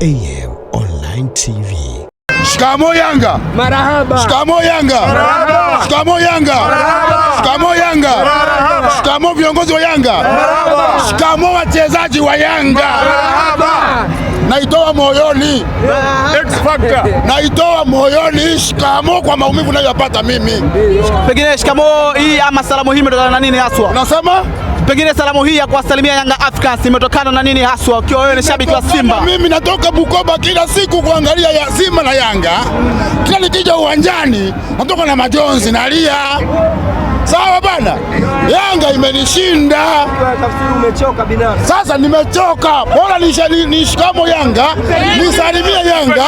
AM Online TV. Shikamo Yanga. Marahaba. Shikamo Yanga. Marahaba. Shikamo Yanga. Marahaba. Shikamo Yanga. Marahaba. Shikamo viongozi wa Yanga. Marahaba. Shikamo wachezaji wa Yanga. Marahaba naitoa moyoni, naitoa moyoni. Shikamoo kwa maumivu nayoyapata mimi. Pengine shikamoo hii ama salamu hii imetokana na nini haswa? Unasema pengine salamu hii ya kuwasalimia Yanga Africans imetokana na nini haswa, ukiwa wewe ni shabiki wa Simba? Mimi natoka Bukoba kila siku kuangalia ya Simba na Yanga, kila nikija uwanjani natoka na majonzi, nalia. Sawa bana, Yanga imenishinda sasa, nimechoka. Bora nishikamo Yanga, nisalimie Yanga,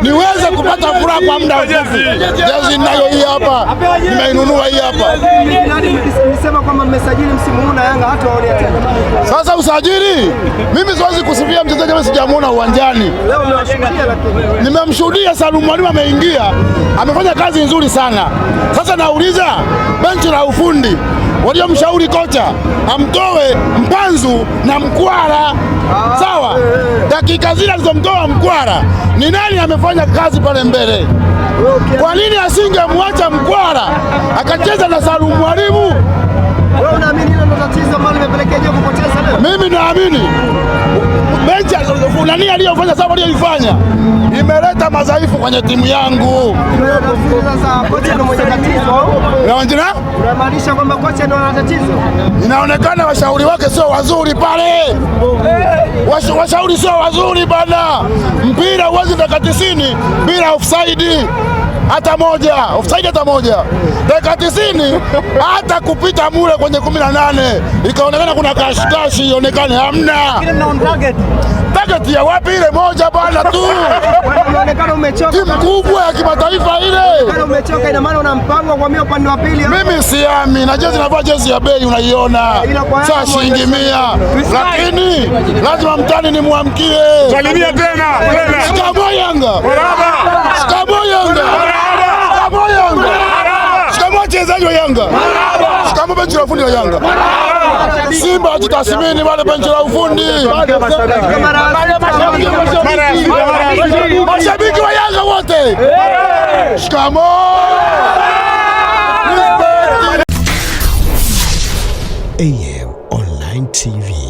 niweze kupata furaha kwa muda mfupi. Jezi nayo hii hapa, nimeinunua hii hapa. Sasa usajili, mimi siwezi kusifia mchezaji ambaye sijamuona uwanjani. Nimemshuhudia Salum Mwalimu ameingia, amefanya kazi nzuri sana. Sasa nauliza benchi jeshi la ufundi waliomshauri kocha amtoe Mpanzu na Mkwara. Sawa, dakika zile alizomtoa Mkwara, ni nani amefanya kazi pale mbele? Kwa nini asingemwacha Mkwara akacheza na Salum Mwalimu? Mimi naamini nani aliyofanya sababu aliyoifanya imeleta madhaifu kwenye timu yangu. Inaonekana washauri wake sio wazuri pale, washauri sio wazuri bana. Mpira uwezi dakika tisini bila ofsaidi hata moja, ofsaidi hata moja, dakika tisini hata kupita mule kwenye kumi na nane ikaonekana kuna kashikashi, ionekane hamna Target ya wapi ile moja bwana tu. Unaonekana umechoka. Timu kubwa ya kimataifa ile. Unaonekana umechoka, ina maana una mpango kwa mimi upande wa pili. Mimi siami na jezi navaa jezi ya bei unaiona. Sasa shilingi 100. Lakini lazima mtani ni muamkie. Salimia tena tena. Yanga. Baraba. Shikamoo Yanga. Baraba. Shikamoo Yanga. Baraba. Shikamoo wachezaji wa Yanga. Baraba. Shikamoo benchi la ufundi wa Yanga. Baraba. Simba ajitathmini pale benchi la ufundi. Mashabiki wa Yanga wote, shikamoo. AM Online TV